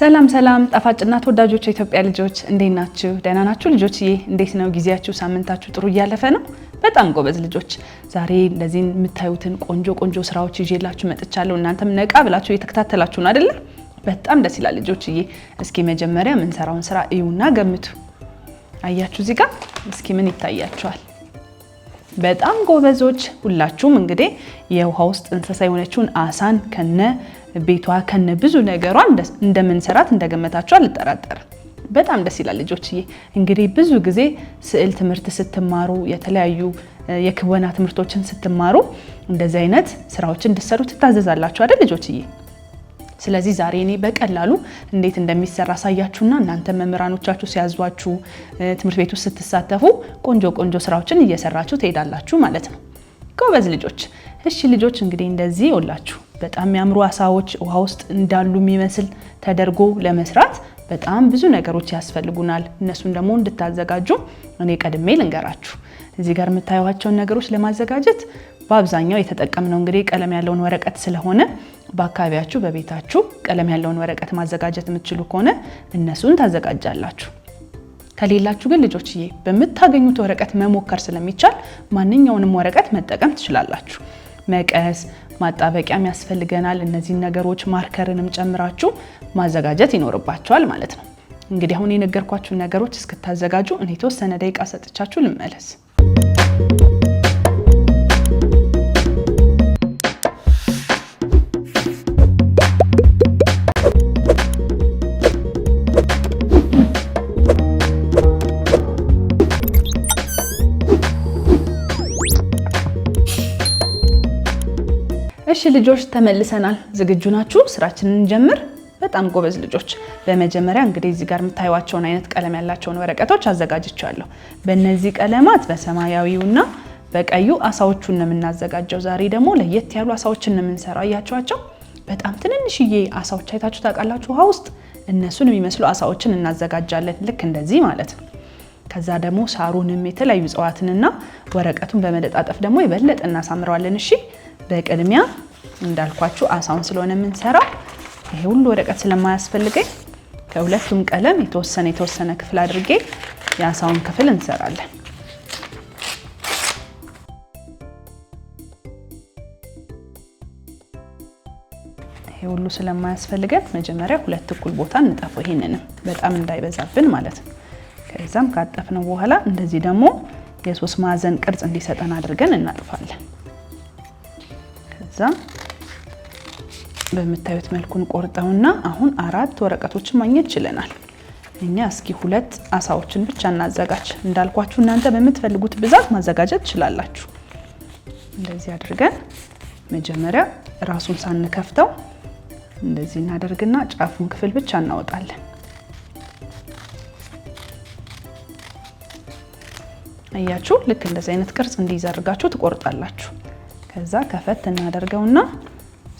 ሰላም ሰላም ጣፋጭና ተወዳጆች የኢትዮጵያ ልጆች እንዴት ናችሁ? ደህና ናችሁ? ልጆችዬ እንዴት ነው ጊዜያችሁ? ሳምንታችሁ ጥሩ እያለፈ ነው? በጣም ጎበዝ ልጆች። ዛሬ እንደዚህ የምታዩትን ቆንጆ ቆንጆ ስራዎች ይዤላችሁ መጥቻለሁ። እናንተም ነቃ ብላችሁ እየተከታተላችሁ ነው አይደለ? በጣም ደስ ይላል ልጆችዬ። እስኪ መጀመሪያ የምንሰራውን ስራ እዩና ገምቱ። አያችሁ እዚህ ጋር እስኪ ምን ይታያችኋል? በጣም ጎበዞች ሁላችሁም። እንግዲህ የውሃ ውስጥ እንስሳ የሆነችውን አሳን ከነ ቤቷ ከነ ብዙ ነገሯ እንደምንሰራት እንደገመታችሁ አልጠራጠርም። በጣም ደስ ይላል ልጆችዬ። እንግዲህ ብዙ ጊዜ ስዕል ትምህርት ስትማሩ የተለያዩ የክወና ትምህርቶችን ስትማሩ እንደዚህ አይነት ስራዎችን እንድሰሩ ትታዘዛላችሁ አይደል ልጆችዬ? ስለዚህ ዛሬ እኔ በቀላሉ እንዴት እንደሚሰራ ሳያችሁና እናንተ መምህራኖቻችሁ ሲያዟችሁ ትምህርት ቤት ውስጥ ስትሳተፉ ቆንጆ ቆንጆ ስራዎችን እየሰራችሁ ትሄዳላችሁ ማለት ነው። ጎበዝ ልጆች። እሺ ልጆች እንግዲህ እንደዚህ ወላችሁ በጣም የሚያምሩ አሳዎች ውሃ ውስጥ እንዳሉ የሚመስል ተደርጎ ለመስራት በጣም ብዙ ነገሮች ያስፈልጉናል። እነሱን ደግሞ እንድታዘጋጁ እኔ ቀድሜ ልንገራችሁ። እዚህ ጋር የምታዩቸውን ነገሮች ለማዘጋጀት በአብዛኛው የተጠቀምነው እንግዲህ ቀለም ያለውን ወረቀት ስለሆነ በአካባቢያችሁ በቤታችሁ ቀለም ያለውን ወረቀት ማዘጋጀት የምትችሉ ከሆነ እነሱን ታዘጋጃላችሁ። ከሌላችሁ ግን ልጆችዬ በምታገኙት ወረቀት መሞከር ስለሚቻል ማንኛውንም ወረቀት መጠቀም ትችላላችሁ። መቀስ፣ ማጣበቂያም ያስፈልገናል። እነዚህን ነገሮች ማርከርንም ጨምራችሁ ማዘጋጀት ይኖርባቸዋል ማለት ነው። እንግዲህ አሁን የነገርኳችሁን ነገሮች እስክታዘጋጁ እኔ የተወሰነ ደቂቃ ሰጥቻችሁ ልመለስ። እሺ ልጆች ተመልሰናል። ዝግጁ ናችሁ? ስራችንን እንጀምር። በጣም ጎበዝ ልጆች። በመጀመሪያ እንግዲህ እዚህ ጋር የምታዩቸውን አይነት ቀለም ያላቸውን ወረቀቶች አዘጋጅቻለሁ። በእነዚህ ቀለማት በሰማያዊውና በቀዩ አሳዎቹን ነው የምናዘጋጀው። ዛሬ ደግሞ ለየት ያሉ አሳዎችን ነው የምንሰራው። በጣም ትንንሽዬ አሳዎች አይታችሁ ታውቃላችሁ ውሃ ውስጥ። እነሱን የሚመስሉ አሳዎችን እናዘጋጃለን። ልክ እንደዚህ ማለት ነው። ከዛ ደግሞ ሳሩንም የተለያዩ እጽዋትንና ወረቀቱን በመለጣጠፍ ደግሞ የበለጠ እናሳምረዋለን። እሺ በቅድሚያ እንዳልኳችሁ አሳውን ስለሆነ የምንሰራው ይሄ ሁሉ ወረቀት ስለማያስፈልገኝ ከሁለቱም ቀለም የተወሰነ የተወሰነ ክፍል አድርጌ የአሳውን ክፍል እንሰራለን። ይሄ ሁሉ ስለማያስፈልገን መጀመሪያ ሁለት እኩል ቦታ እንጠፈው። ይሄንንም በጣም እንዳይበዛብን ማለት ነው። ከዛም ካጠፍነው በኋላ እንደዚህ ደግሞ የሶስት ማዕዘን ቅርጽ እንዲሰጠን አድርገን እናጥፋለን። ከዛ በምታዩት መልኩን ቆርጠውና አሁን አራት ወረቀቶችን ማግኘት ችለናል። እኛ እስኪ ሁለት አሳዎችን ብቻ እናዘጋጅ። እንዳልኳችሁ እናንተ በምትፈልጉት ብዛት ማዘጋጀት ትችላላችሁ። እንደዚህ አድርገን መጀመሪያ ራሱን ሳንከፍተው እንደዚህ እናደርግና ጫፉን ክፍል ብቻ እናወጣለን። አያችሁ፣ ልክ እንደዚህ አይነት ቅርጽ እንዲይዝ አድርጋችሁ ትቆርጣላችሁ። ከዛ ከፈት እናደርገውና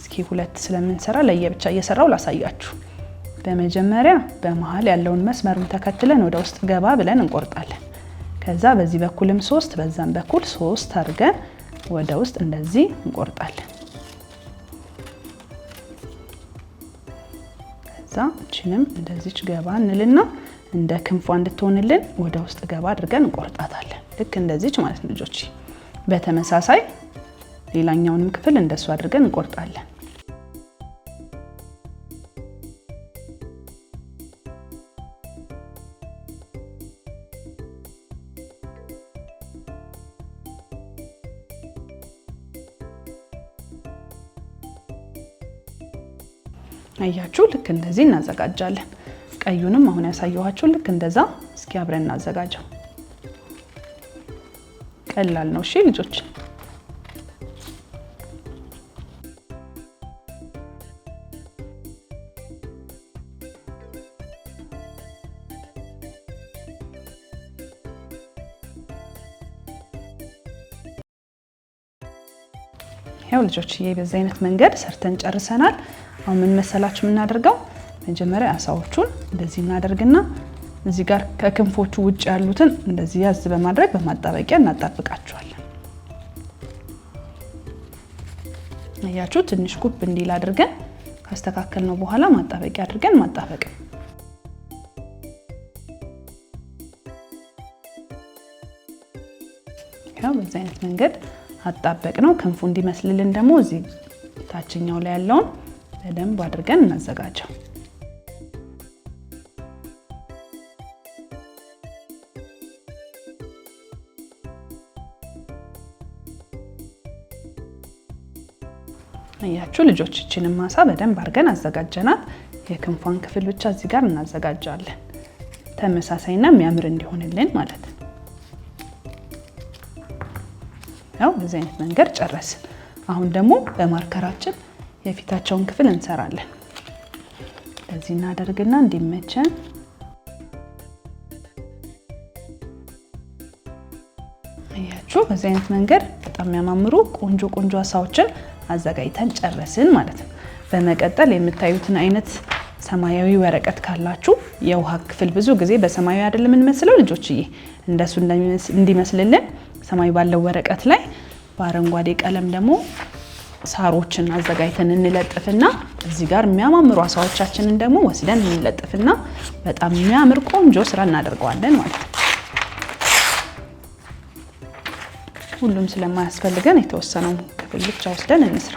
እስኪ ሁለት ስለምንሰራ ለየብቻ እየሰራው ላሳያችሁ። በመጀመሪያ በመሀል ያለውን መስመሩን ተከትለን ወደ ውስጥ ገባ ብለን እንቆርጣለን። ከዛ በዚህ በኩልም ሶስት በዛም በኩል ሶስት አድርገን ወደ ውስጥ እንደዚህ እንቆርጣለን። ከዛ እችንም እንደዚች ገባ እንልና እንደ ክንፏ እንድትሆንልን ወደ ውስጥ ገባ አድርገን እንቆርጣታለን። ልክ እንደዚች ማለት ነው ልጆች። በተመሳሳይ ሌላኛውንም ክፍል እንደሱ አድርገን እንቆርጣለን። አያችሁ፣ ልክ እንደዚህ እናዘጋጃለን። ቀዩንም አሁን ያሳየኋችሁ ልክ እንደዛ። እስኪ አብረን እናዘጋጀው። ቀላል ነው። እሺ ልጆች ያው ልጆችዬ በዚህ አይነት መንገድ ሰርተን ጨርሰናል። አሁን ምን መሰላችሁ የምናደርገው መጀመሪያ አሳዎቹን እንደዚህ እናደርግና እዚህ ጋር ከክንፎቹ ውጭ ያሉትን እንደዚህ ያዝ በማድረግ በማጣበቂያ እናጣብቃቸዋለን። እያችሁ ትንሽ ኩብ እንዲል አድርገን ካስተካከል ነው በኋላ ማጣበቂያ አድርገን ማጣበቅ ያው በዚህ አይነት መንገድ አጣበቅ ነው። ክንፉ እንዲመስልልን ደግሞ እዚህ ታችኛው ላይ ያለውን በደንብ አድርገን እናዘጋጀው። እያችሁ ልጆች ማሳ በደንብ አድርገን አዘጋጀናት። የክንፏን ክፍል ብቻ እዚህ ጋር እናዘጋጃለን፣ ተመሳሳይና የሚያምር እንዲሆንልን ማለት ነው። በዚህ አይነት መንገድ ጨረስን። አሁን ደግሞ በማርከራችን የፊታቸውን ክፍል እንሰራለን። እንደዚህ እናደርግና እንዲመቸን እያችሁ በዚህ አይነት መንገድ በጣም የሚያማምሩ ቆንጆ ቆንጆ አሳዎችን አዘጋጅተን ጨረስን ማለት ነው። በመቀጠል የምታዩትን አይነት ሰማያዊ ወረቀት ካላችሁ የውሃ ክፍል ብዙ ጊዜ በሰማያዊ አይደለም የምንመስለው ልጆችዬ፣ እንደሱ እንዲመስልልን ሰማይ ባለው ወረቀት ላይ በአረንጓዴ ቀለም ደግሞ ሳሮችን አዘጋጅተን እንለጥፍና እዚህ ጋር የሚያማምሩ አሳዎቻችንን ደግሞ ወስደን እንለጥፍና በጣም የሚያምር ቆንጆ ስራ እናደርገዋለን ማለት ነው። ሁሉም ስለማያስፈልገን የተወሰነው ክፍል ብቻ ወስደን እንስራ።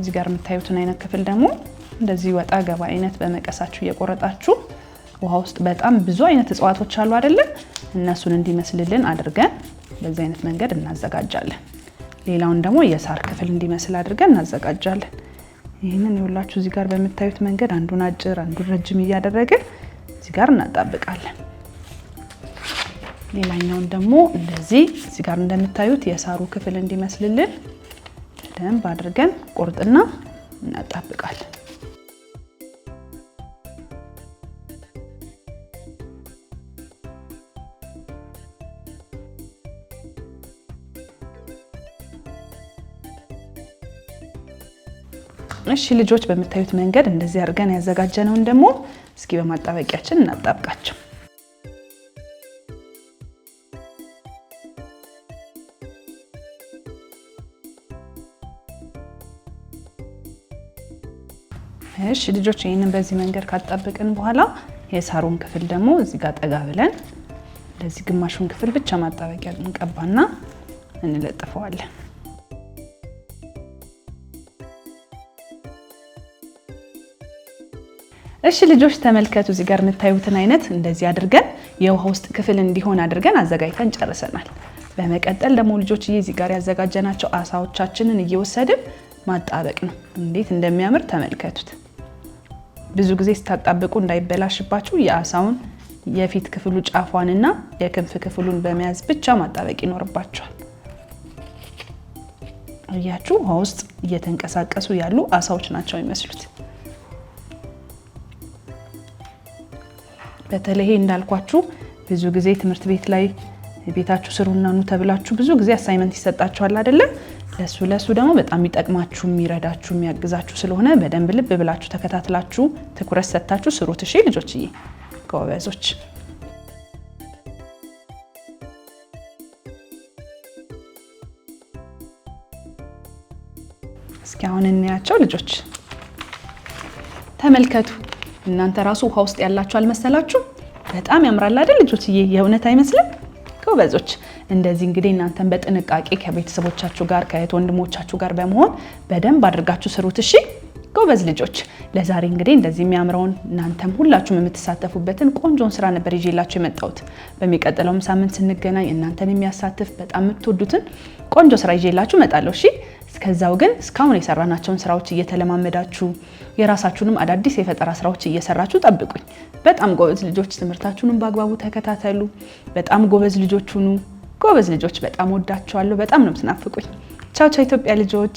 እዚህ ጋር የምታዩትን አይነት ክፍል ደግሞ እንደዚህ ወጣ ገባ አይነት በመቀሳችሁ እየቆረጣችሁ ውሃ ውስጥ በጣም ብዙ አይነት እጽዋቶች አሉ አይደለም። እነሱን እንዲመስልልን አድርገን በዚህ አይነት መንገድ እናዘጋጃለን። ሌላውን ደግሞ የሳር ክፍል እንዲመስል አድርገን እናዘጋጃለን። ይህንን የሁላችሁ እዚህ ጋር በምታዩት መንገድ አንዱን አጭር አንዱን ረጅም እያደረግን እዚህ ጋር እናጣብቃለን። ሌላኛውን ደግሞ እንደዚህ እዚህ ጋር እንደምታዩት የሳሩ ክፍል እንዲመስልልን በደንብ አድርገን ቁርጥና እናጣብቃለን። እሺ ልጆች በምታዩት መንገድ እንደዚህ አድርገን ያዘጋጀነውን ደግሞ እስኪ በማጣበቂያችን እናጣብቃቸው። እሺ ልጆች ይህንን በዚህ መንገድ ካጣበቅን በኋላ የሳሩን ክፍል ደግሞ እዚህ ጋር ጠጋ ብለን እንደዚህ ግማሹን ክፍል ብቻ ማጣበቂያ እንቀባና እንለጥፈዋለን። እሺ ልጆች ተመልከቱ። እዚህ ጋር የምታዩትን አይነት እንደዚህ አድርገን የውሃ ውስጥ ክፍል እንዲሆን አድርገን አዘጋጅተን ጨርሰናል። በመቀጠል ደግሞ ልጆች እዚህ ጋር ያዘጋጀናቸው አሳዎቻችንን እየወሰድን ማጣበቅ ነው። እንዴት እንደሚያምር ተመልከቱት። ብዙ ጊዜ ስታጣብቁ እንዳይበላሽባችሁ የአሳውን የፊት ክፍሉ ጫፏንና የክንፍ ክፍሉን በመያዝ ብቻ ማጣበቅ ይኖርባቸዋል። እያችሁ ውሃ ውስጥ እየተንቀሳቀሱ ያሉ አሳዎች ናቸው የሚመስሉት። በተለይ እንዳልኳችሁ ብዙ ጊዜ ትምህርት ቤት ላይ ቤታችሁ ስሩና ኑ ተብላችሁ ብዙ ጊዜ አሳይመንት ይሰጣችኋል አይደለም? ለሱ ለሱ ደግሞ በጣም የሚጠቅማችሁ የሚረዳችሁ የሚያግዛችሁ ስለሆነ በደንብ ልብ ብላችሁ ተከታትላችሁ ትኩረት ሰጥታችሁ ስሩት። እሺ ልጆችዬ፣ ጎበዞች። እስኪ አሁን እንያቸው ልጆች፣ ተመልከቱ እናንተ ራሱ ውሃ ውስጥ ያላችሁ አልመሰላችሁ? በጣም ያምራል አይደል ልጆችዬ? የእውነት አይመስልም? ጎበዞች። እንደዚህ እንግዲህ እናንተን በጥንቃቄ ከቤተሰቦቻችሁ ጋር ከእህት ወንድሞቻችሁ ጋር በመሆን በደንብ አድርጋችሁ ስሩት። እሺ ጎበዝ ልጆች። ለዛሬ እንግዲህ እንደዚህ የሚያምረውን እናንተም ሁላችሁም የምትሳተፉበትን ቆንጆን ስራ ነበር ይዤላችሁ የመጣሁት። በሚቀጥለውም ሳምንት ስንገናኝ እናንተን የሚያሳትፍ በጣም የምትወዱትን ቆንጆ ስራ ይዤላችሁ እመጣለሁ። እሺ እስከዛው ግን እስካሁን የሰራናቸውን ስራዎች እየተለማመዳችሁ የራሳችሁንም አዳዲስ የፈጠራ ስራዎች እየሰራችሁ ጠብቁኝ። በጣም ጎበዝ ልጆች፣ ትምህርታችሁንም በአግባቡ ተከታተሉ። በጣም ጎበዝ ልጆች ሁኑ። ጎበዝ ልጆች፣ በጣም ወዳችኋለሁ። በጣም ነው ምትናፍቁኝ። ቻው ቻው፣ ኢትዮጵያ ልጆች።